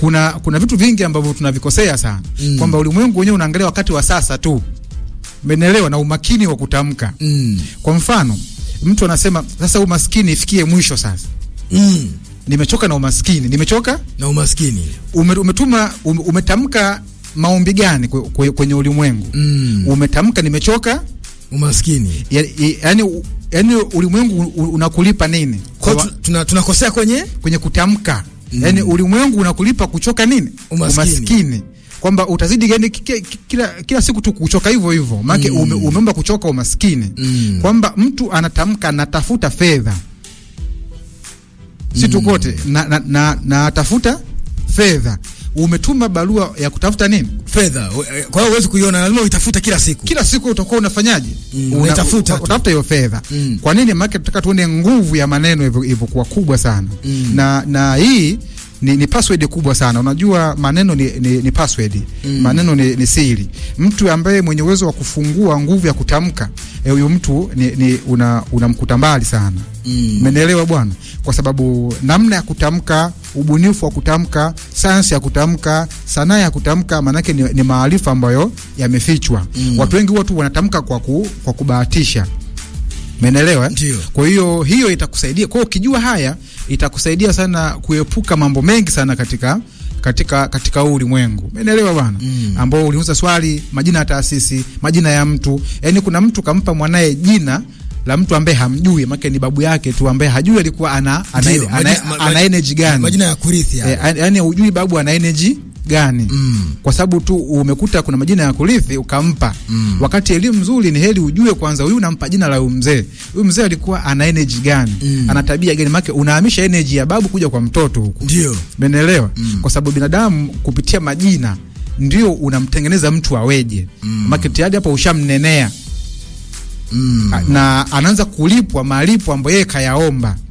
kuna, kuna vitu vingi ambavyo tunavikosea sana mm. kwamba ulimwengu wenyewe unaangalia wakati wa sasa tu, menelewa na umakini wa kutamka mm. kwa mfano mtu anasema sasa umaskini ifikie mwisho sasa mm. nimechoka na umaskini, nimechoka na umaskini. Ume, umetuma um, umetamka maombi gani kwe, kwenye ulimwengu mm. umetamka nimechoka umaskini yaani ya, ya, yaani ulimwengu unakulipa nini? Kwa tunakosea tuna kwenye kwenye kutamka mm. Yani ulimwengu unakulipa kuchoka nini? Umaskini, Kwamba utazidi gani kila, kila siku tu kuchoka hivyo hivyo maana mm. ume, umeomba kuchoka umaskini mm. Kwamba mtu anatamka natafuta fedha si tukote mm. na, na, na, na tafuta fedha, umetuma barua ya kutafuta nini fedha. Kwa hiyo huwezi kuiona, lazima uitafute kila siku. Kila siku utakuwa unafanyaje? Mm, unatafuta utafuta hiyo fedha. Mm. Kwa nini? Maana tunataka tuone nguvu ya maneno hivyo ilivyokuwa kubwa sana. Mm. Na na hii ni, ni password kubwa sana. Unajua maneno ni, ni, ni password. Mm. Maneno ni, ni siri. Mtu ambaye mwenye uwezo wa kufungua nguvu ya kutamka, eh, huyo mtu ni, ni unamkuta una mbali sana. Mm. Umeelewa bwana? Kwa sababu namna ya kutamka ubunifu wa kutamka, sayansi ya kutamka, sanaa ya kutamka, maanake ni, ni maarifa ambayo yamefichwa mm. Watu wengi watu wanatamka kwa, ku, kwa kubahatisha Menelewa. Kwa hiyo hiyo itakusaidia. Kwa ukijua haya itakusaidia sana kuepuka mambo mengi sana katika katika katika huu ulimwengu. Umeelewa bwana? Mm. Ambao uliuza swali majina ya taasisi, majina ya mtu. Yaani kuna mtu kampa mwanaye jina la mtu ambaye hamjui, maana ni babu yake tu ambaye hajui alikuwa ana ana, Dio, ana, majina, ana, ana energy gani, majina ya kurithi eh, ya. yani hujui babu ana energy gani mm. Kwa sababu tu umekuta kuna majina ya kurithi ukampa mm. Wakati elimu nzuri ni heri ujue kwanza, huyu unampa jina la huyu mzee, huyu mzee alikuwa ana energy gani mm. Ana tabia gani, maana unahamisha energy ya babu kuja kwa mtoto huku, ndio umeelewa mm. Kwa sababu binadamu kupitia majina ndio unamtengeneza mtu aweje, mm. maana tayari Hapo ushamnenea mm. na anaanza kulipwa malipo ambayo yeye kayaomba.